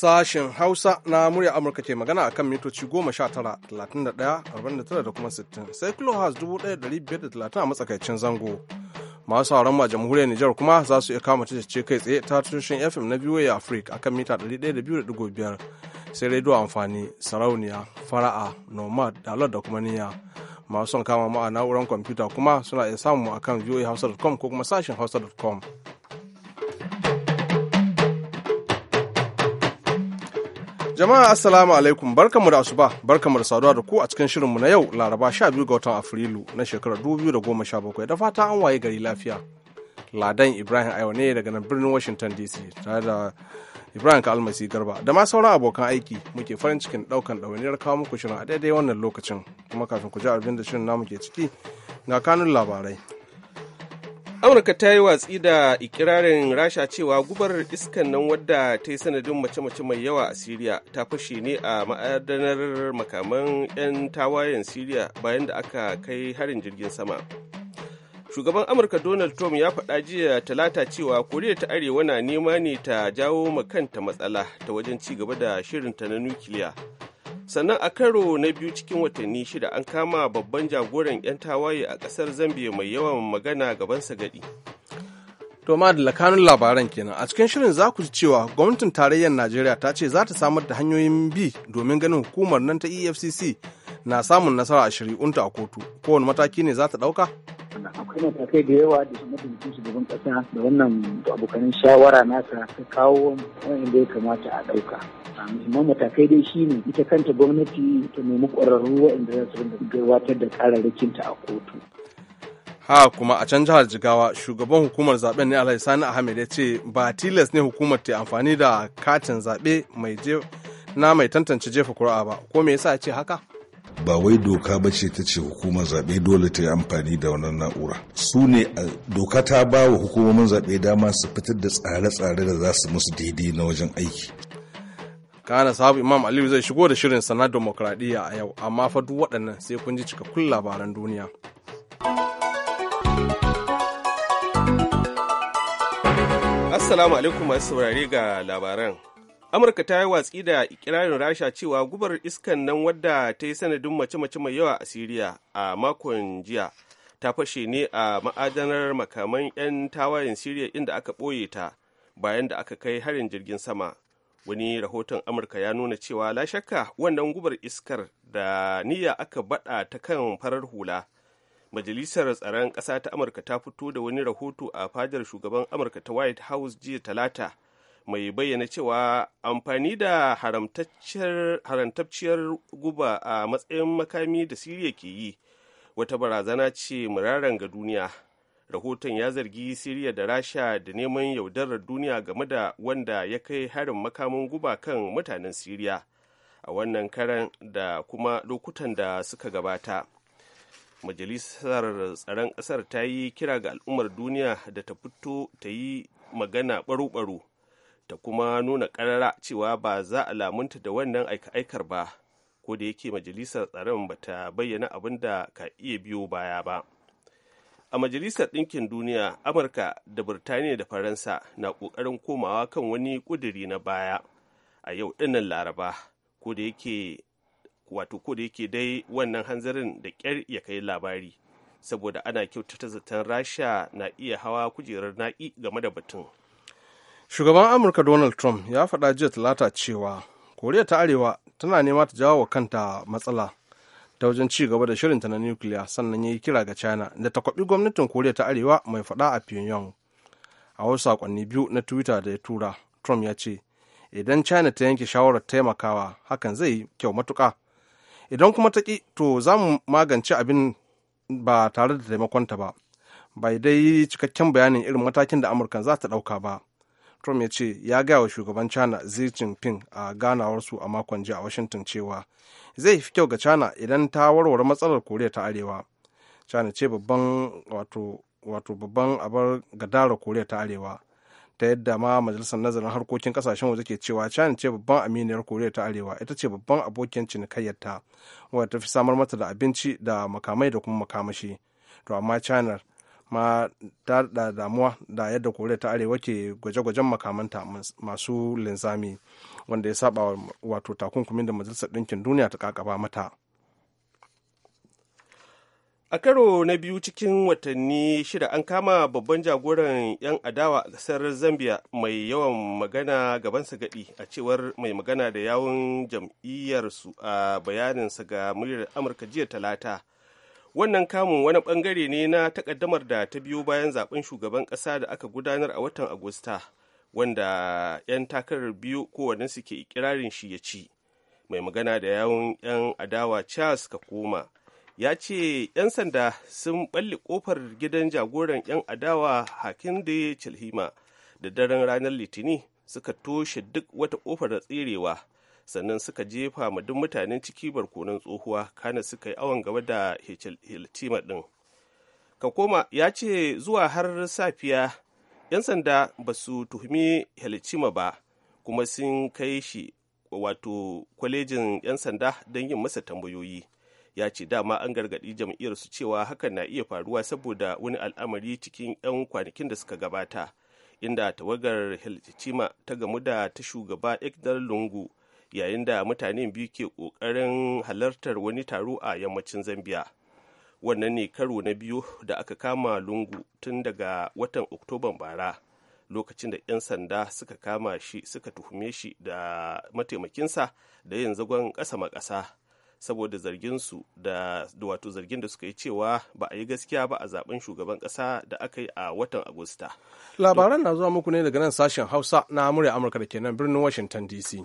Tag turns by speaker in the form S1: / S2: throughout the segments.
S1: Sashen Hausa na murya Amurka ke magana a kan mitoci 19,31,49 da kuma 60 sai kilohaz 1,530 a matsakaicin zango. Masu sauran ma jamhuriyar Nijar kuma za su iya kama ce kai tsaye ta tushen FM na VOA Africa akan mita 102.5 sai rediyo amfani sarauniya fara'a nomad dalar da kuma niyya. masu son kama maa a na'urar kwamfuta kuma suna iya samu a kan voahausa.com ko kuma sashen hausa.com. Jama'a Assalamu alaikum barkamu da asuba barkamu da saduwa da ku a cikin shirinmu na yau Laraba 12 ga watan Afrilu na shekarar 2017 da fata an waye gari lafiya. Ladan Ibrahim Ayo ne daga nan birnin Washington DC tare da Ibrahim Kalmasi Garba da ma sauran abokan aiki muke farin cikin daukan ɗawainiyar kawo muku shirin a daidai wannan lokacin kuma kafin ku ji abin da shirin namu ke ciki ga kanun labarai.
S2: amurka ta yi watsi da ikirarin rasha cewa gubar iskan nan wadda ta yi sanadin mace-mace mai yawa a siriya ta fashe ne a ma'adanar makaman 'yan tawayen siriya bayan da aka kai harin jirgin sama shugaban amurka donald trump ya faɗa jiya talata cewa koriya ta arewa na nema ne ta jawo ma kanta matsala ta wajen ci gaba da shirinta na nukiliya sannan a karo na biyu cikin watanni shida an kama babban jagoran 'yan tawaye a ƙasar zambia mai yawan magana sa gadi
S1: To ma da lakanun labaran kenan a cikin shirin za ku ji cewa gwamnatin tarayyar Najeriya ta ce za ta samar da hanyoyin bi domin ganin hukumar nan ta EFCC na samun nasara a shari'unta a kotu kowane mataki ne za ta ɗauka
S3: wannan akwai matakai da yawa da su mataimakin shugaban kasa da wannan abokanin shawara nasa ta kawo wanda ya kamata a ɗauka amma ah, matakai dai shine ita kanta gwamnati ta nemi ƙwararru wa'anda za su rinda gabatar da ta a kotu
S1: ha kuma a can jihar jigawa shugaban hukumar zaben ne alhaji sani ahmed ya ce ba tilas ne hukumar ta amfani da katin zaɓe mai na mai tantance jefa ƙuri'a ba ko me yasa ya ce haka
S4: ba wai doka ba ce ta ce hukumar zaɓe dole ta yi amfani da wannan na'ura su ne doka ta ba wa hukumomin zaɓe dama su fitar da tsare-tsare da za su musu daidai na wajen aiki
S1: kana sabu imam aliyu zai shigo da shirin sana demokradiyya a yau amma fa duk waɗannan sai kun ji cikakkun labaran duniya
S2: assalamu alaikum masu saurare ga labaran amurka ta yi watsi da ikirarin rasha cewa gubar iskan nan wadda ta yi sanadin mace-mace mai yawa a siriya a makon jiya ta fashe ne a ma'adanar makaman 'yan tawayen siriya inda aka ɓoye ta bayan da aka kai harin jirgin sama wani rahoton amurka ya nuna cewa la shakka wannan gubar iskar da niyya aka bada ta kan farar hula majalisar tsaron ƙasa ta amurka ta fito da wani rahoto a fadar shugaban amurka ta white house jiya talata mai bayyana cewa amfani da haramtacciyar guba a matsayin makami da siriya ke yi wata barazana ce muraran ga duniya rahoton ya zargi siriya da rasha da neman yaudarar duniya game da wanda ya kai harin makamin guba kan mutanen siriya a wannan karan da kuma lokutan da suka gabata majalisar tsaron ƙasar ta yi kira ga al'ummar duniya da ta fito ta yi magana baro-baro ta kuma nuna karara cewa ba za a lamunta da wannan aika-aikar ba ko da yake majalisar tsaron ba ta bayyana abin da ka iya biyo baya ba a majalisar ɗinkin duniya amurka da birtaniya da faransa na ƙoƙarin komawa kan wani ƙuduri na baya a yau ɗinnan laraba ko da yake wato ko yake dai wannan hanzarin da ƙyar ya kai labari saboda ana kyautata zaton rasha na iya hawa kujerar naƙi game da batun
S1: shugaban amurka donald trump ya faɗa jiya talata cewa koriya ta arewa tana nema ta jawo wa kanta matsala ta wajen ci gaba da shirinta na nukiliya sannan ya yi kira ga china da ta kwaɓi gwamnatin koriya ta arewa mai faɗa a pyongyang a wasu saƙonni biyu na twitter da ya tura trump ya ce idan china ta yanke shawarar taimakawa hakan zai yi kyau matuƙa. idan kuma ta ƙi to za mu magance abin ba tare da taimakonta ba bai dai cikakken bayanin irin matakin da amurka za ta ɗauka ba trump ya ce ya gaya wa shugaban china xi jinping a ganawarsu a makon jiya a washington cewa zai fi kyau ga china idan ta warware matsalar koriya ta arewa china ce babban wato wato babban abar gadara koriya ta arewa ta yadda ma majalisar nazarin harkokin kasashen waje ke cewa china ce babban aminiyar koriya ta arewa ita ce babban abokin ta wadda ta fi samar mata da abinci da makamai da kuma makamashi to amma china ma ta da damuwa da yadda koriya ta arewa ke gwaje-gwajen makamanta masu linzami wanda ya saba wato takunkumin da majalisar ɗinkin duniya ta kakaba mata
S2: a karo na biyu cikin watanni shida an kama babban jagoran 'yan adawa a ƙasar zambia mai yawan magana sa gadi a cewar mai magana da yawun jam'iyyarsu a bayaninsa ga muryar amurka jiya talata wannan kamun wani bangare ne na takaddamar da ta biyo bayan zaben shugaban kasa da aka gudanar a watan agusta wanda 'yan takarar biyu kowane ke ikirarin shi ya ci mai magana da yawon 'yan adawa charles kakoma ya ce 'yan sanda sun balle kofar gidan jagoran 'yan adawa hakinde chilhima da daren ranar litini suka toshe duk wata kofar da tserewa sannan suka jefa ma duk mutanen ciki barkonon tsohuwa kana suka yi awon gaba da hiltima ɗin kakoma ya ce zuwa har safiya 'yan sanda ba su tuhumi hiltima ba kuma sun kai shi wato kwalejin 'yan sanda don yin masa tambayoyi ya ce dama an gargaɗi jam'iyyar su cewa hakan na iya faruwa saboda wani al'amari cikin 'yan kwanakin da suka gabata inda tawagar hiltima ta gamu da ta shugaba ekdar lungu yayin da mutane biyu ke ƙoƙarin halartar wani taro a yammacin zambia wannan ne karo na biyu da aka kama lungu tun daga watan oktoban bara lokacin da 'yan sanda suka kama shi suka tuhume shi da mataimakinsa da yin zagon ƙasa makasa saboda zarginsu da wato zargin da suka yi cewa ba a yi gaskiya ba a zaben shugaban kasa da aka yi a watan agusta
S1: labaran na zuwa muku ne daga nan sashen hausa na amurya amurka da ke nan birnin washington dc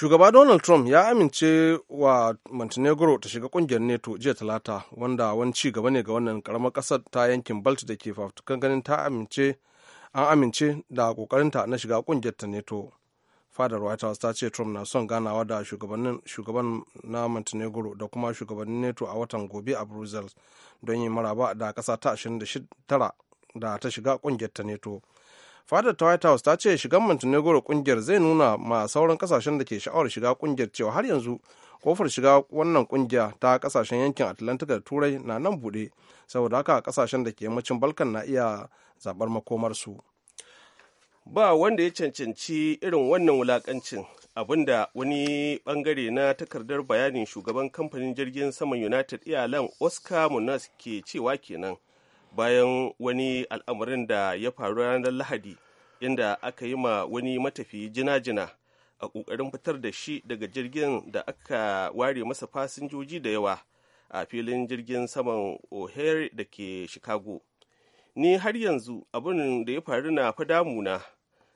S1: shugaba donald trump ya amince wa montenegro ta shiga kungiyar neto jiya talata wanda wani ci gaba ne ga wannan karamar kasar ta yankin balti da ke fafutukan ganin ta amince an amince da kokarinta na shiga kungiyar ta neto fadar white house ta ce trump na son ganawa da shugabannin shugaban na montenegro da kuma shugabannin nato a watan gobe a brussels don yin maraba da kasa ta 29 da ta shiga kungiyar ta neto fadar ta white house ta ce shigan montenegro kungiyar zai nuna ma sauran kasashen da ke sha'awar shiga kungiyar cewa har yanzu kofar shiga wannan kungiya ta kasashen yankin atlantic da turai na nan bude saboda haka kasashen da ke yammacin balkan na iya zabar makomarsu
S2: ba wanda ya cancanci irin wannan wulakancin abinda wani bangare na takardar bayanin shugaban kamfanin jirgin saman united airlines oscar munas ke cewa kenan bayan wani al'amarin da ya faru ranar lahadi inda aka yi ma wani matafi jina-jina a ƙoƙarin fitar da shi daga jirgin da aka ware masa fasinjoji da yawa a filin jirgin saman o'hare da ke chicago ni har yanzu abin da ya faru na fa damuna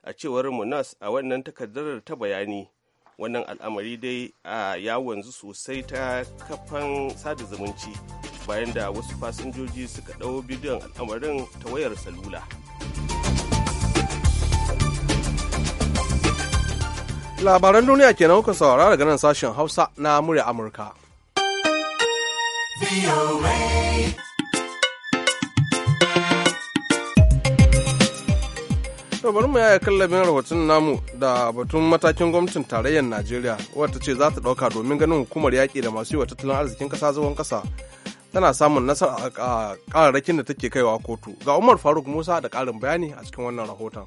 S2: a cewar munas a wannan takardar ta bayani wannan al'amari dai ya wanzu sosai ta kafan sada zumunci bayan da wasu fasinjoji suka ɗau bidiyon al'amarin ta wayar salula
S1: labaran duniya kenan kuka saurara daga nan sashen hausa na murya amurka to bari mu yaya kallabin rahoton namu da batun matakin gwamnatin tarayyar najeriya wadda ce za ta dauka domin ganin hukumar yaƙi da masu yi wa tattalin arzikin kasa zuwan kasa tana samun nasara a kararrakin da take kaiwa kotu ga umar faruk musa da ƙarin bayani a cikin wannan rahoton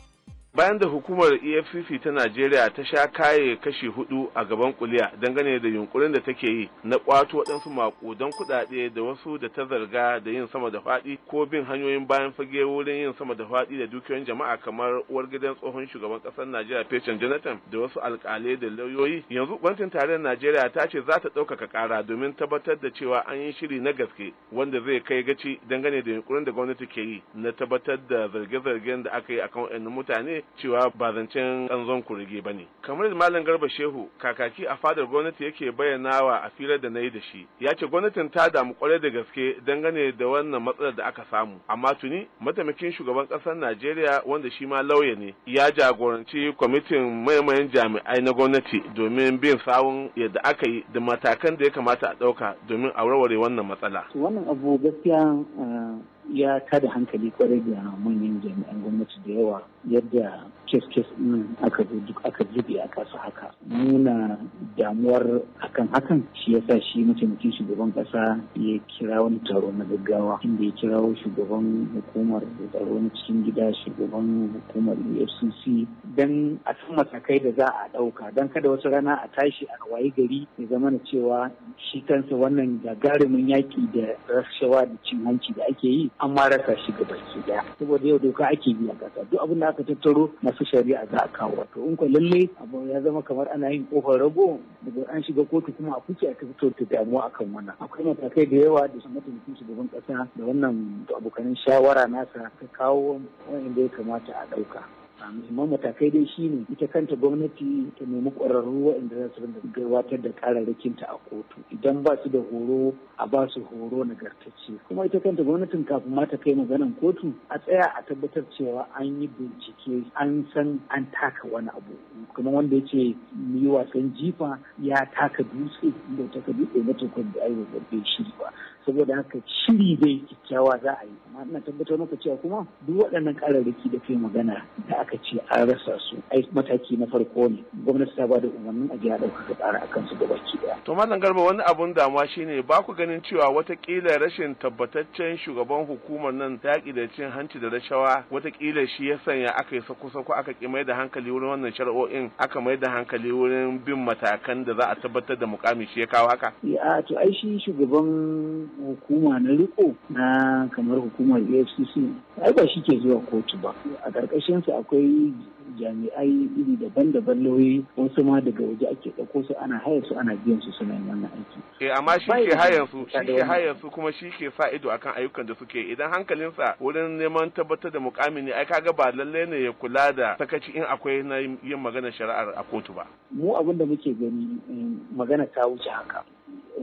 S5: bayan da hukumar efcc ta najeriya ta sha kaye kashi hudu a gaban kuliya dangane da yunkurin da take yi na kwato waɗansu makudan kuɗaɗe da wasu da ta zarga da yin sama da faɗi ko bin hanyoyin bayan fage wurin yin sama da faɗi da dukiyoyin jama'a kamar uwar gidan tsohon shugaban ƙasar najeriya Pechen jonathan da wasu alƙalai da lauyoyi yanzu gwamnatin tarayyar najeriya ta ce za ta ɗaukaka ƙara domin tabbatar da cewa an yi shiri na gaske wanda zai kai gaci dangane da yunkurin da gwamnati ke yi na tabbatar da zarge-zargen da aka yi kan mutane cewa ba zancen ƙanzon kurege ba ne kamar da malam garba shehu kakaki a fadar gwamnati yake bayyanawa a filar da na yi da shi ya ce gwamnatin ta damu kwarai da gaske dangane da wannan matsalar da aka samu amma tuni mataimakin shugaban ƙasar najeriya wanda shi ma lauya ne ya jagoranci kwamitin maimayin jami'ai na gwamnati domin bin sawun yadda aka yi da matakan da ya kamata a ɗauka domin a warware wannan matsala
S3: wannan abu gaskiya eh, ya kada hankali kwarai da manyan jami'an gwamnati da yawa yadda kes-kes ɗin aka duk aka zube a kasu haka nuna damuwar akan hakan shi yasa shi mataimakin shugaban ƙasa ya kira wani taro na gaggawa inda ya kirawo shugaban hukumar tsaro na cikin gida shugaban hukumar efcc don a san matakai da za a ɗauka don kada wasu rana a tashi a waye gari ya zama cewa shi kansa wannan gagarumin yaƙi da rashawa da cin hanci da ake yi an ma rasa shi ga baki daya saboda yau doka ake biya kasa duk abin da aka tattaro masu shari'a za a kawo to in ko lalle abu ya zama kamar ana yin kofar rago daga an shiga kotu kuma a kuke ta fito ta damuwa akan wannan akwai matakai da yawa da su mataimakin shugaban ƙasa da wannan abokanin shawara nasa ta kawo waanda ya kamata a ɗauka muhimman matakai dai shine ita kanta gwamnati ta nemi ƙwararru waɗanda za su rinda gabatar da kararrakinta a kotu idan ba su da horo a ba su horo nagartacce kuma ita kanta gwamnatin kafin ma ta kai maganan kotu a tsaya a tabbatar cewa an yi bincike an san an taka wani abu kuma wanda ya ce yi wasan jifa ya taka dutse ta taka dutse na tukun da ayyukan ba shi ba saboda haka shiri dai kyakkyawa za a yi amma ina tabbatar maka cewa kuma duk waɗannan ƙararraki da kai magana da aka ce an rasa su ai mataki na farko ne gwamnati ta ba da umarnin a ji a ɗaukaka ƙara akan su
S5: ki ɗaya. to malam garba wani abun damuwa shine ba ku ganin cewa watakila rashin tabbataccen shugaban hukumar nan yaƙi da cin hanci da rashawa watakila shi ya sanya aka yi sako-sako aka ƙi mai da hankali wurin wannan shari'o'in aka mai da hankali wurin bin matakan da za a tabbatar da mukami shi ya kawo haka.
S3: ya to ai shi shugaban hukuma na riko na kamar hukumar efcc ai ba shi ke zuwa kotu ba a ƙarƙashinsu akwai jami'ai iri daban-daban lauyi wasu ma daga waje ake ɗauko su ana haya su ana biyan su suna wannan aiki.
S5: Eh amma shi ke hayan su shi ke haya su kuma shi ke sa ido akan ayyukan da suke idan hankalinsa wurin neman tabbatar da mukamin ne ai kaga ba lallai ne ya kula da sakaci in akwai na yin magana shari'ar a kotu ba.
S3: Mu abin da muke gani eh, magana ta wuce haka.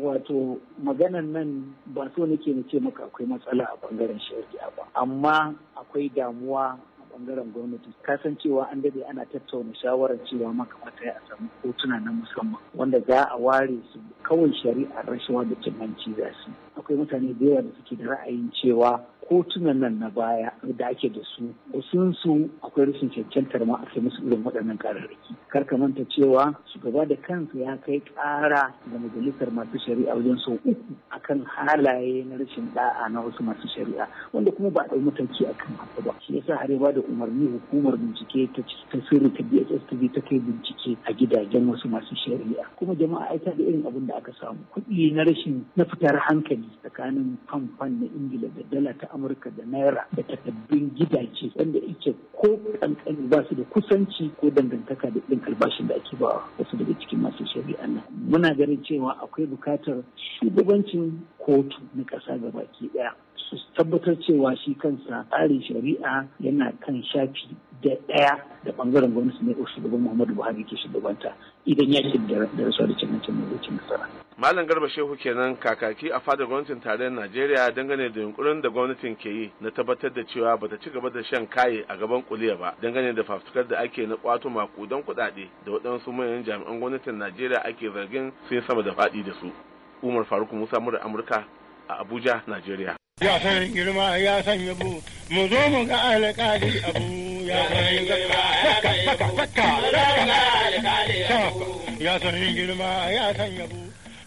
S3: wato maganan nan ba so nake na ce maka akwai matsala a bangaren shari'a ba amma akwai damuwa a bangaren gwamnati kasancewa an dade ana tattauna shawarar cewa makamata ya samu hotuna na musamman wanda za a ware su kawai shari'ar rashawa da cin hanci za su akwai mutane da yawa da suke da ra'ayin cewa kotunan nan na baya da ake da su sun su akwai rashin cancantar ma a musu irin waɗannan kararraki kar ka manta cewa shugaba da kansa ya kai ƙara ga majalisar masu shari'a wajen sau uku akan halaye na rashin da'a na wasu masu shari'a wanda kuma ba a ɗau mataki akan haka ba shi yasa har ya ba da umarni hukumar bincike ta ta sirri ta DSSTV ta kai bincike a gidajen wasu masu shari'a kuma jama'a aita da irin abin da aka samu kuɗi na rashin na fitar hankali tsakanin fanfan na Ingila da dala ta amurka da naira da takaddun gidaje wanda yake ko kankani ba su da kusanci ko dangantaka da ɗin albashin da ake bawa wasu daga cikin masu shari'a nan muna ganin cewa akwai bukatar shugabancin kotu na ƙasa gabaki ɗaya su tabbatar cewa shi kansa tsarin shari'a yana kan shafi da ɗaya da ɓangaren gwamnati ne shugaban muhammadu buhari ke shugabanta idan yakin da rasuwa da cin-cin mai nasara.
S5: Malam Garba Shehu kenan kakaki a fadar gwamnatin tarayyar Najeriya dangane da yunkurin da gwamnatin ke yi na tabbatar da cewa bata ci gaba da shan kaye a gaban kuliya ba dangane da fafutukar da ake na kwato makudan kuɗaɗe da waɗansu manyan jami'an gwamnatin Najeriya ake zargin sun sama da faɗi da su. Umar Faruk Musa Mura Amurka a Abuja, Najeriya.
S6: Ya sanin girma ya sanya bu zo mu ga alƙali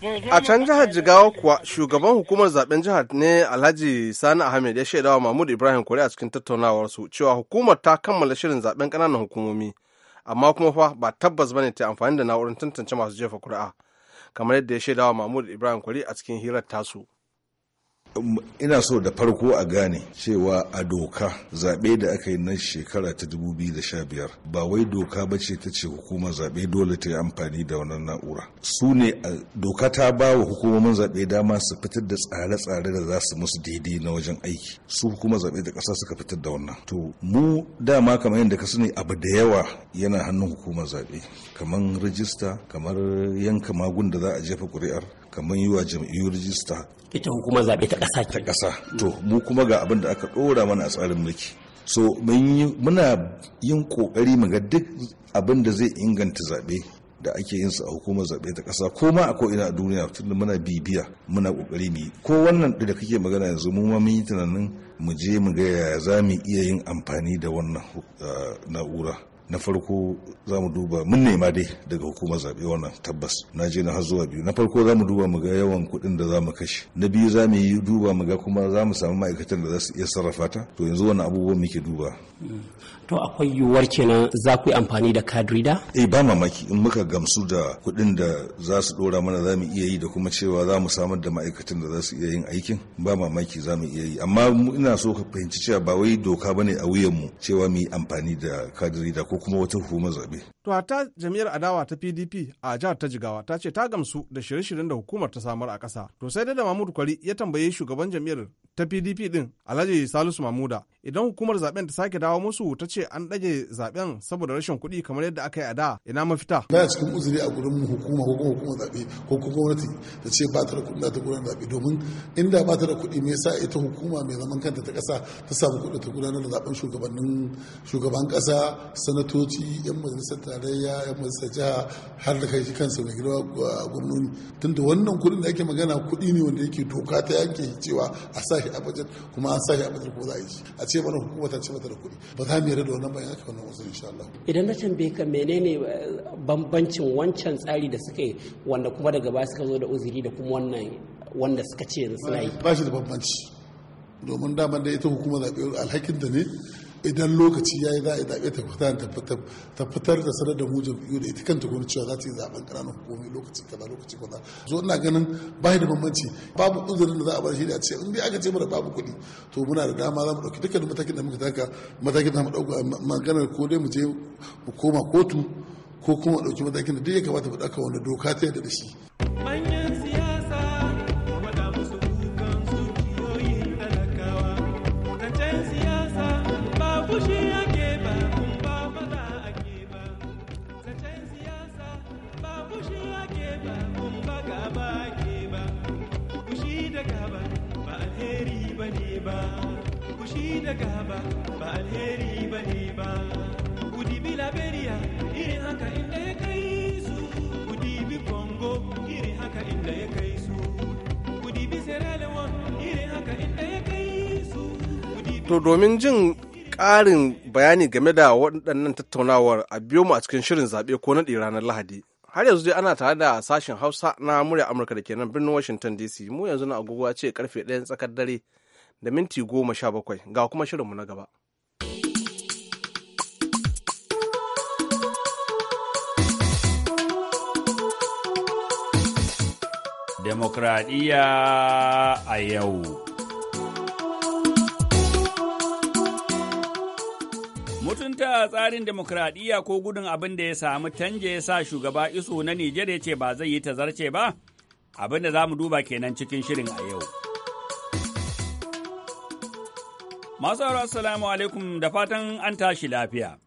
S6: A
S1: can jihar Jigawa kuwa shugaban hukumar zaben jihar ne Alhaji Sani Ahmed ya wa Mahmud Ibrahim Kwari a cikin su, cewa hukumar ta kammala shirin zaben kananan hukumomi amma kuma fa ba tabbas bane ta amfani da na'urar tantance masu jefa kuri'a kamar yadda ya wa Mahmud Ibrahim Kwari a cikin hirar tasu.
S4: ina so da farko a gane cewa a doka zaɓe da aka yi na shekara ta 2015 ba wai doka ba ce ta ce hukumar zaɓe dole ta yi amfani da wannan na'ura su ne doka ta ba wa hukumomin zaɓe dama su fitar da tsare-tsare da za su musu daidai na wajen aiki su hukumar zaɓe da ƙasa suka fitar da wannan to mu dama kamar yadda ka sani abu da yawa yana hannun hukumar zaɓe kamar rajista kamar yanka magun da za a jefa ƙuri'ar kamar yi wa jam'iyyu rijista
S6: ita hukumar zaɓe ta ƙasa ta ƙasa
S4: to mu kuma ga abin da aka ɗora mana a tsarin mulki so muna yin ƙoƙari mu ga duk abin da zai inganta zaɓe da ake yin su a hukumar zaɓe ta ƙasa ko ma a ko'ina a duniya tunda muna bibiya muna ƙoƙari mu yi ko wannan da kake magana yanzu mu ma mun yi tunanin mu je mu ga yaya za mu iya yin amfani da wannan uh, na'ura na farko za mu duba mun nema dai daga hukumar zaɓe wannan tabbas na je na har zuwa biyu na farko za mu duba mu ga yawan kuɗin da za mu kashe na biyu za mu yi duba mu ga kuma za mu samu ma'aikatan da za su iya sarrafa ta to yanzu wani abubuwan muke duba. to akwai yiwuwar kenan za ku yi amfani da kadrida? eh ba mamaki in muka gamsu da kuɗin da za su ɗora mana za mu iya yi da kuma cewa za mu samar da ma'aikatan da za su iya yin aikin ba mamaki za mu iya yi amma ina so ka fahimci cewa ba wai doka bane a wuyan mu cewa mu yi amfani da kadiri da ko kuma wata hukumar zabe
S1: to ta jami'ar adawa ta PDP a jihar ta Jigawa ta ce ta gamsu da shirye-shiryen da hukumar ta samar a ƙasa to sai dai da Mahmud Kwari ya tambaye shugaban jami'ar ta PDP din Alhaji Salisu Mamuda idan hukumar zaben ta sake dawo musu ta ce an ɗage zaben
S7: saboda rashin kuɗi kamar yadda aka yi a da ina mafita ya cikin uzuri a gurin hukuma ko kuma hukumar zaɓe ko kuma gwamnati ta ce ba ta da kuɗi ta gudanar zaɓe domin inda ba ta da kuɗi me yasa ita hukuma mai zaman kanta ta ƙasa ta samu kuɗi ta gudanar da zaben shugabannin shugaban ƙasa sanatoci yan majalisar tarayya yan majalisar jiha har da kai kansa mai girma gwamnoni tunda wannan kuɗin da ake magana kuɗi ne wanda yake doka ta yanke cewa a sa shi a budget kuma an sa shi a budget ko za a yi a ce sai mana hukuma ta ce mata da kuɗi ba za mu yarda da wannan bayan haka wannan wasu insha Allah
S6: idan na tambaye ka menene eh, bambancin wancan tsari da suka yi wanda kuma
S7: daga baya suka zo da uzuri da kuma wannan wanda suka ce yanzu suna yi ba shi da bambanci domin daman da ita hukumar zaɓe alhakinta ne idan lokaci ya yi za a zaɓe ta fitar da sanar da mu jam'iyyu da ita kanta gwamnati cewa za ta yi zaɓen ƙananan hukumomi lokaci kaza lokaci kaza zo ina ganin ba da bambanci babu uzurin da za a bar shi da ce in bi aka ce mana babu kuɗi to muna da dama za mu ɗauki dukkan matakin da muka taka matakin da mu ɗauka maganar ko dai mu je mu koma kotu ko kuma ɗauki matakin da duk ya kamata mu ɗauka wanda doka ta yadda da
S6: shi.
S1: domin jin ƙarin bayani game da waɗannan tattaunawar a biyo mu a cikin shirin zaɓe ko naɗe ranar Lahadi. Har yanzu dai ana tare da sashen Hausa na murya Amurka da ke nan birnin Washington DC. Mu yanzu na agogo ce karfe ɗayan tsakar dare da minti goma sha bakwai ga kuma shirinmu na gaba.
S8: Demokradiyya a yau. Mutunta tsarin demokradiyya ko gudun abin da ya samu canje ya sa shugaba iso na Nijar ce ba zai yi tazarce ba? Abin da za mu duba kenan cikin shirin a yau. Masu sauraro assalamu alaikum da fatan an tashi lafiya.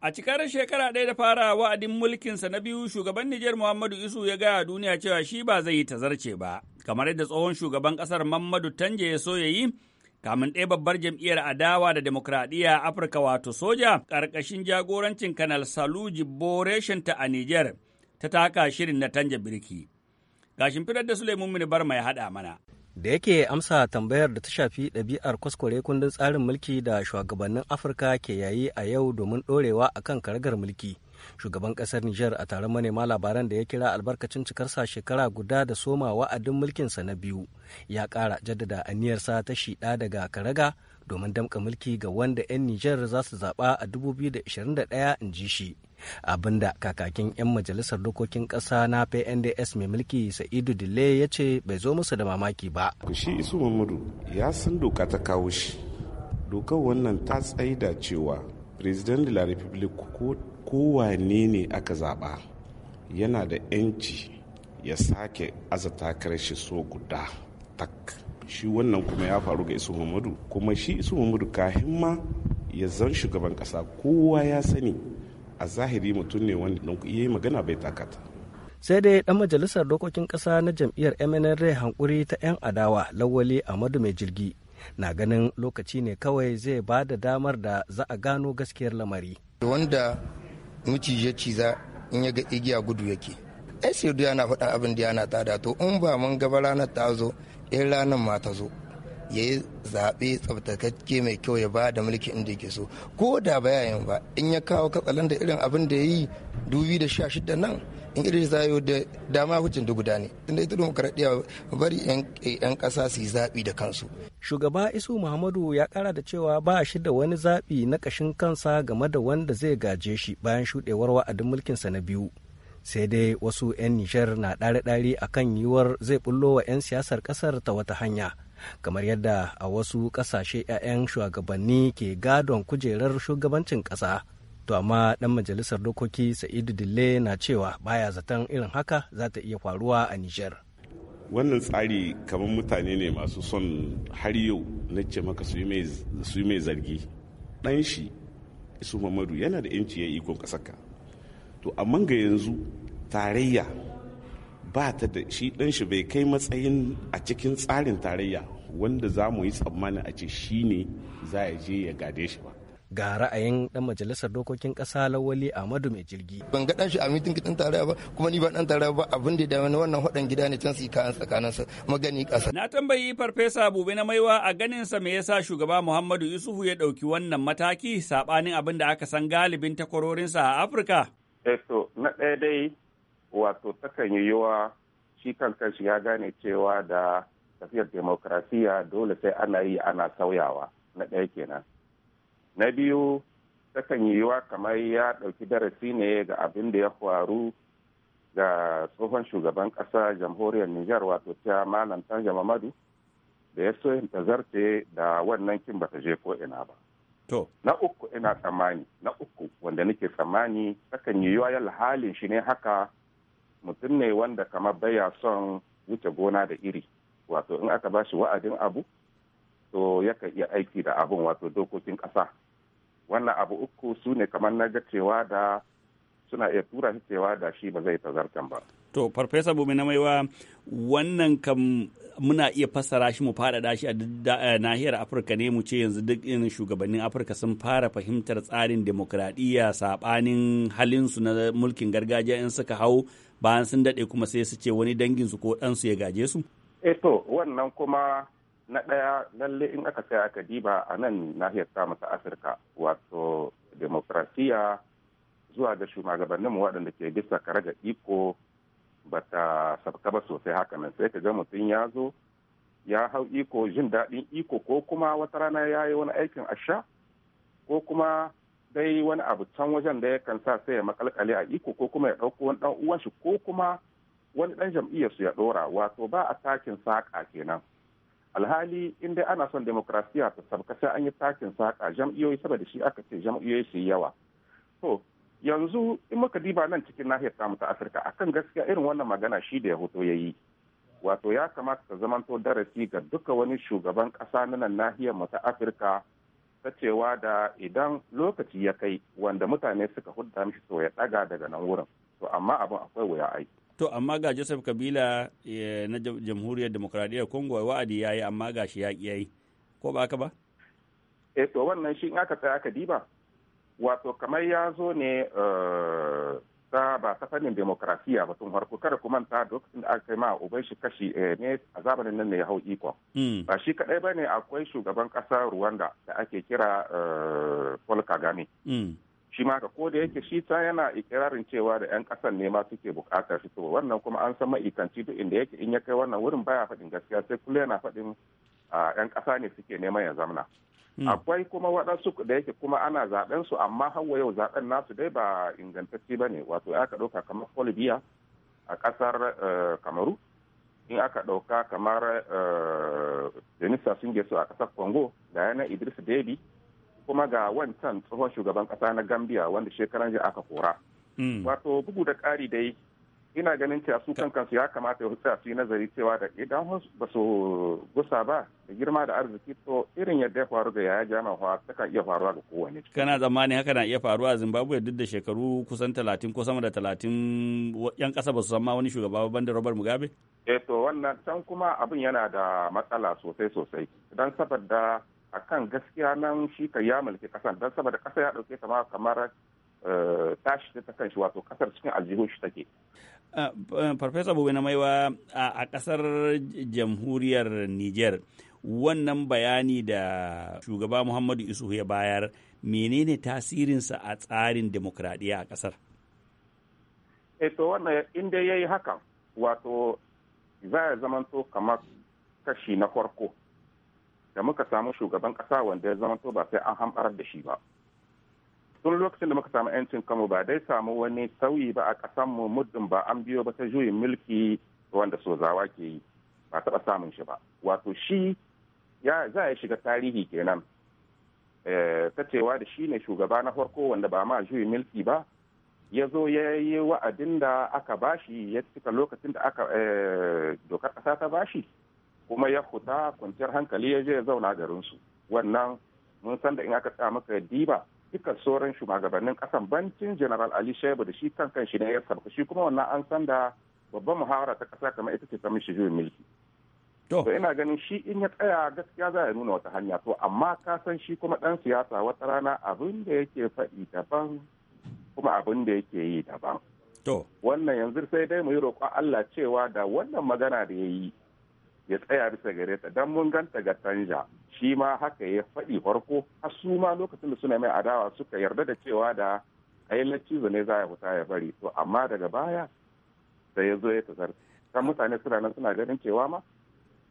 S8: A cikar shekara ɗaya da fara wa'adin mulkinsa na biyu shugaban Nijar Muhammadu Isu ya gaya duniya cewa shi ba zai yi tazarce ba, kamar yadda tsohon shugaban ƙasar Muhammadu Tanje ya so ya yi kamun ɗaya babbar jam'iyyar adawa da demokradiyya Afirka wato soja ƙarƙashin jagorancin kanal Salu Jibbo ta a Nijar ta taka shirin na tanja birki. Gashin fitar da Suleiman bar mai haɗa mana.
S6: da yake amsa tambayar da ta shafi ɗabi'ar kwaskware kundin tsarin mulki da shugabannin afirka ke yayi a yau domin ɗorewa a kan karagar mulki shugaban ƙasar niger a taron manema labaran da ya kira albarkacin cikarsa shekara guda da soma wa'adin mulkinsa na biyu ya ƙara jaddada aniyarsa ta shiɗa daga karaga domin damka mulki ga wanda 'yan Nijar za su zaɓa a 2021 in ji shi. abinda kakakin 'yan majalisar dokokin ƙasa na pnds mai mulki sa'idu dille ya ce bai zo musu da mamaki ba shi isu mamadu ya san doka ta kawo shi dokar wannan ta tsaida cewa president de la republic
S5: kowane ne aka zaɓa yana da 'yanci ya sake azata takarar shi so guda tak shi wannan kuma ya faru ga isu muhammadu kuma shi isu muhammadu kahin ma ya zan shugaban kasa kowa ya sani a zahiri mutum ne wanda don iya magana bai takata
S6: sai dai dan majalisar dokokin kasa na jam'iyyar mnra hankuri ta 'yan adawa lawali amadu mai jirgi na ganin lokaci ne kawai zai ba da damar da za a gano gaskiyar lamari wanda miciji ya ciza in ya ga igiya gudu yake ai sai yana faɗa abin da yana tada to in ba mun gaba ranar ta zo in ranar ma ta zo ya yi zaɓe tsabtakakke mai kyau ya ba da mulki inda yake so ko da bayayin ba in ya kawo katsalan da irin abin da ya yi dubi da sha nan in irin zayo da dama hujjin da guda ne inda ita demokaradiyya bari yan ƙasa su yi zaɓi da kansu. shugaba isu muhammadu ya ƙara da cewa ba shi da wani zaɓi na ƙashin kansa game da wanda zai gaje shi bayan shuɗewar wa'adin mulkinsa na biyu sai dai wasu 'yan nijar na ɗare-ɗare a kan yiwuwar zai bullo wa 'yan siyasar ƙasar ta wata hanya kamar yadda a wasu ƙasashe 'ya'yan shugabanni ke gadon kujerar shugabancin ƙasa to amma ɗan majalisar dokoki sa'idu dille na cewa baya zaton irin haka za ta iya
S5: faruwa a nijar wannan tsari kamar mutane ne masu son har yau na ce maka su yi mai zargi ɗan shi isu mamadu yana da 'yanci ya ikon ƙasarka to amma ga yanzu tarayya ba ta da shi ɗan shi bai kai matsayin a cikin tsarin tarayya wanda za mu yi tsammanin
S6: a ce shi ne za a je
S9: ya gade shi ba
S6: ga ra'ayin dan majalisar dokokin kasa lawali ahmadu mai jirgi ban ga shi a mitin kitan tarayya ba kuma ni ba dan tarayya ba abin da dame wannan hadan gida ne can su kayan tsakanin su magani kasa na
S8: tambayi farfesa bube na maiwa a ganin sa me yasa shugaba muhammadu yusufu ya dauki wannan mataki sabanin abin da aka san galibin
S9: takwarorinsa
S8: a afirka
S9: eto eh, na ɗaya dai wato takan yi yiwa shi kan kanshi ya gane cewa da tafiyar demokrasiya dole sai ana yi ana sauyawa na ɗaya kenan na biyu takan yi yiwa kamar ya ɗauki darasi ne ga abin da ya faru ga tsohon shugaban ƙasa jamhuriyar Nijar wato ta malam Tanja Mamadu da ya so ta da wannan kin bata je ko ina ba. to Na uku ina tsammani, na uku wanda nake tsammani sakan yi yalla halin shi ne haka mutum ne wanda kamar baya son wuce gona da iri. Wato in aka ba shi wa'adin abu, to yakan iya aiki da abun wato dokokin ƙasa. Wannan abu uku su ne kamar na cewa da suna iya tura cewa da shi ba zai tazartan ba.
S8: To, Farfesa Bumi na maiwa wannan kam muna iya fassara shi mu faɗaɗa shi a eh, nahiyar Afirka ne mu ce yanzu duk irin shugabannin Afirka sun fara fahimtar tsarin demokradiyya saɓanin halinsu na mulkin gargajiya in suka hau bayan sun daɗe kuma sai su ce wani su ko ɗansu ya gaje su?
S9: E to, wannan kuma na ɗaya lalle in aka sai aka diba a nan nahiyar samu ta Afirka wato demokrasiya zuwa ga shugabanninmu waɗanda ke bisa karaga iko ba ta sabka ba sosai haka nan sai ka ga mutum ya zo ya hau iko jin daɗin iko ko kuma wata rana ya yi wani aikin asha ko kuma dai wani abu can wajen da yakan sa sai ya makalkale a iko ko kuma ya ɗauko wani ɗan uwan shi ko kuma wani ɗan jam'iyyar su ya ɗora wato ba a takin saƙa kenan alhali in dai ana son demokrasiya ta sabka sai an yi takin saƙa jam'iyyoyi saboda shi aka ce jam'iyyoyi su yawa to yanzu in muka diba nan cikin nahiyar tamu ta afirka akan gaskiya irin wannan magana shi da ya hoto ya yi wato ya kamata ta zamanto darasi ga duka wani shugaban kasa na nan nahiyar mu ta afirka ta cewa da idan lokaci ya kai wanda mutane suka hudda mishi to ya daga daga nan wurin to amma abin akwai wuya ai
S8: to amma ga joseph kabila eh, na jamhuriyar demokradiyyar congo wa'adi ya yi amma ga shi ya yi
S9: ko ba haka ba eh to wannan shi in aka tsaya aka diba wato kamar ya zo ne eh, ta ba ta fannin demokrasiya ba tun harko kada kuma ta lokacin da aka kai ma uban shi kashi eh, ne a zamanin nan ne ya hau ikon hmm. ba shi kadai ba ne akwai shugaban kasa Rwanda da ake kira eh, Paul Kagame hmm. shi ma ko da yake shi ta yana ikirarin cewa da 'yan kasan ne ma suke bukatar fitowa wannan kuma an san maikanci duk inda yake in ya kai wannan wurin baya faɗin gaskiya sai kula yana faɗin 'yan ah, kasa ne suke neman ya zamana Hmm. akwai kuma waɗansu da yake kuma ana zaɓen su amma hawa yau zaɓen nasu dai ba ingantacce ba ne wato aka ɗauka kamar Colombia a ƙasar Kamaru eh, in aka ɗauka kamar eh, Denisa Sungesu a ƙasar Congo da yana Idris Deby kuma ga wancan tsohon shugaban ƙasa na Gambia wanda shekaran aka kora. Hmm. Wato bugu da ƙari dai ina ganin cewa su kan kansu ya kamata ya tsaya su yi nazari cewa da idan ba su gusa ba da girma da arziki to irin yadda ya faru ga yaya jama'a ta kan iya faruwa ga kowane
S8: kana tsammanin haka na iya faruwa a zimbabwe duk da shekaru kusan talatin ko sama da talatin yan kasa ba su san ma wani shugaba ban da robert mugabe
S9: eh to wannan can kuma abin yana da matsala sosai sosai don saboda kan gaskiya nan shi ka ya mulki kasan don saboda kasa ya dauke ta ma kamar eh, tashi ta kan shi wato kasar cikin aljihun shi take
S8: Ah, eh, farfesa bobe na maiwa a kasar jamhuriyar niger wannan bayani da shugaba muhammadu isuhu ya bayar menene tasirinsa a tsarin demokradiyya a kasar
S9: eto eh, wannan inda ya yi hakan wato za ya zamanto kamar kashi na farko da muka samu shugaban kasa wanda ya zamanto ba sai an hamɓarar da shi ba tun lokacin da muka samu 'yancin kanmu ba dai samu wani sauyi ba a ƙasanmu muddin ba an biyo ba ta juyin mulki wanda sozawa ke yi ba taɓa samun shi ba wato shi ya za ya shiga tarihi kenan eh, ta cewa da shi ne shugaba na farko wanda ba ma juyin mulki ba ya zo ya yi wa'adin da aka bashi ya cika lokacin da aka eh, dokar ƙasa ta bashi kuma ya huta kwanciyar hankali ya je ya zauna garinsu wannan mun san da in aka tsaya maka diba duka sauran shugabannin kasan bancin general ali shaibu da shi kan kan shi ne ya sarfa shi kuma wannan an san da babban muhawara ta kasa kamar ita ce ta mishi juyin mulki to ina ganin shi in ya tsaya gaskiya za ya nuna wata hanya to amma ka san shi kuma dan siyasa wata rana abin da yake faɗi daban kuma abin da yake yi daban to wannan yanzu sai dai mu yi roƙon Allah cewa da wannan magana da ya yi ya tsaya bisa gare ta dan mun ganta ga tanja shi ma haka ya faɗi farko har su ma lokacin da suna mai adawa suka yarda da cewa da ayyallar cizo ne za ya fita ya bari to amma daga baya da ya zo ya tazar kan mutane suna nan suna ganin cewa ma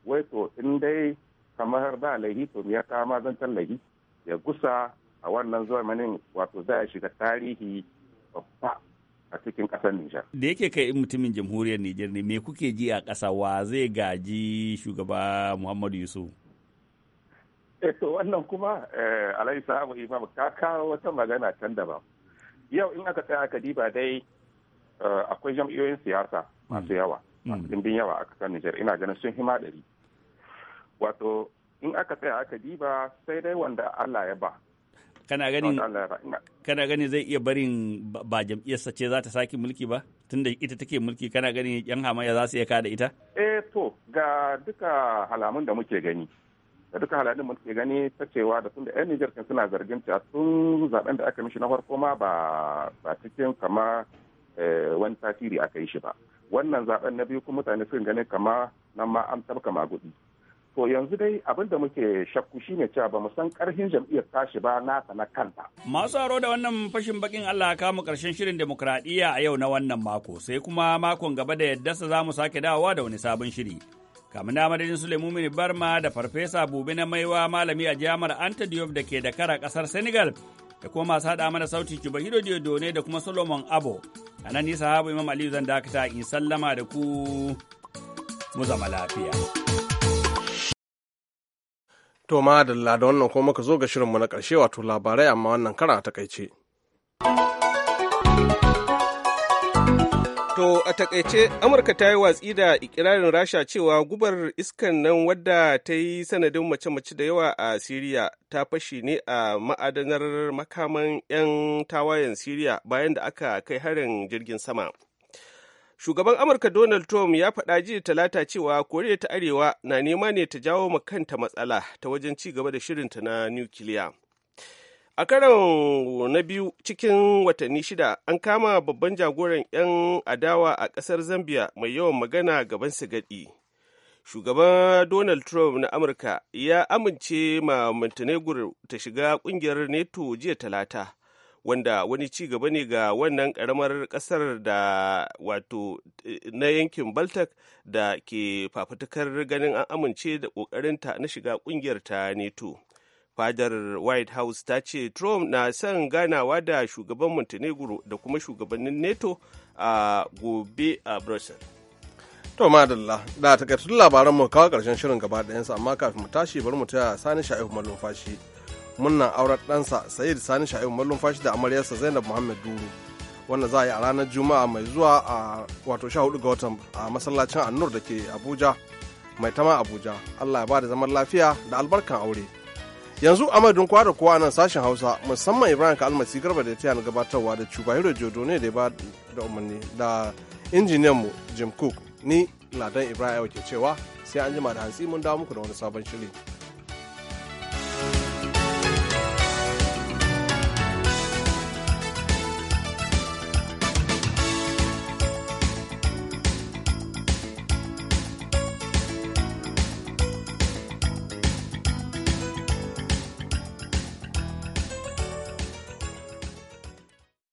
S9: wai to in dai kamar da lahi to ya kama zan lahi ya gusa a wannan zamanin wato za a shiga tarihi babba a cikin ƙasar Nijar.
S8: Da yake kai in mutumin jamhuriyar Nijar ne me kuke ji a ƙasa wa zai gaji shugaba Muhammadu Yusuf?
S9: Eh, to wannan kuma eh, alai sahabu imam ka kawo wata magana can daban yau in aka tsaya aka diba dai eh, akwai jam'iyyoyin siyasa masu yawa mm. masu dimbin yawa a kasar Nijar ina ganin sun hima ɗari wato in aka tsaya aka diba sai dai wanda Allah ya ba kana ganin kana gani zai iya
S8: barin ba jam'iyyarsa ce za ta sake mulki ba tunda ita take mulki kana ganin yan hamayya za su iya kada ita
S9: eh to ga duka halamun da muke gani da duka halayen mun ke gani ta cewa da tun da yan Nijar kan suna zargin cewa tun zaben da aka mishi na farko ma ba ba cikin kama eh, wani tasiri aka yi shi ba wannan zaben na biyu kuma mutane sun ganin kama nan ma an tabka magudi to yanzu dai abin da muke shakku ne cewa ba mu san karhin jam'iyyar tashi ba nasa na kanta.
S8: Masu aro da wannan fashin bakin Allah ka mu karshen shirin demokradiya a yau na wannan mako sai kuma makon gaba da yadda za mu sake dawowa da wani sabon shiri. kamar da madadin Suleiman Mini Barma da Farfesa Bube na Maiwa malami a jami'ar Anta da ke Dakar a kasar Senegal da kuma masu haɗa mana sauti Cuba Hiro Diodone da kuma Solomon Abo. A nan nisa habu Imam Aliyu zan dakata in sallama da ku mu zama lafiya.
S1: To ma da wannan ko muka zo ga shirinmu na ƙarshe wato labarai amma wannan kara a takaice.
S2: To a takaice Amurka ta yi watsi da ikirarin Rasha cewa gubar iskan nan wadda ta yi sanadin mace-mace da yawa a Siriya ta fashe ne a ma'adanar makaman 'yan tawayen Siriya bayan da aka kai harin jirgin sama. Shugaban Amurka Donald Trump ya faɗa ji talata cewa Koriya ta Arewa na nema ne ta jawo ma kanta matsala ta wajen ci gaba da shirinta na nukiliya. a karon na biyu cikin watanni shida an kama babban jagoran 'yan adawa a ƙasar zambia mai yawan magana gaban sigadi shugaban donald trump na amurka ya amince ma montenegro ta shiga ƙungiyar neto jiya talata wanda wani ci gaba ne ga wannan ƙaramar ƙasar da wato na yankin baltic da ke fafutukar ganin an amince da ƙoƙarinta na shiga ƙungiyar ta neto fadar white house ta ce trump na son ganawa da shugaban montenegro da kuma shugabannin nato a gobe a brussels to
S1: madalla da takaitattun labaran mu kawo karshen shirin gaba ɗayansa amma kafin mu tashi bari mu taya sani sha'ifu malumfashi aurar auren ɗansa sayid sani sha'ifu fashi da amaryarsa zainab muhammad duru wanda za a yi a ranar juma'a mai zuwa a wato 14 ga watan a masallacin annur da ke abuja mai tama abuja allah ya ba da zaman lafiya da albarkan aure yanzu amadun kowa da kowa nan sashen hausa musamman ibrahim kalmasi garba da tiyan gabatarwa da cuba hiro jodo ne da ba da umarni da injiniyan mu jim cook ni ladan ibrahim ke cewa sai an jima da hantsi mun dawo muku da wani sabon shiri.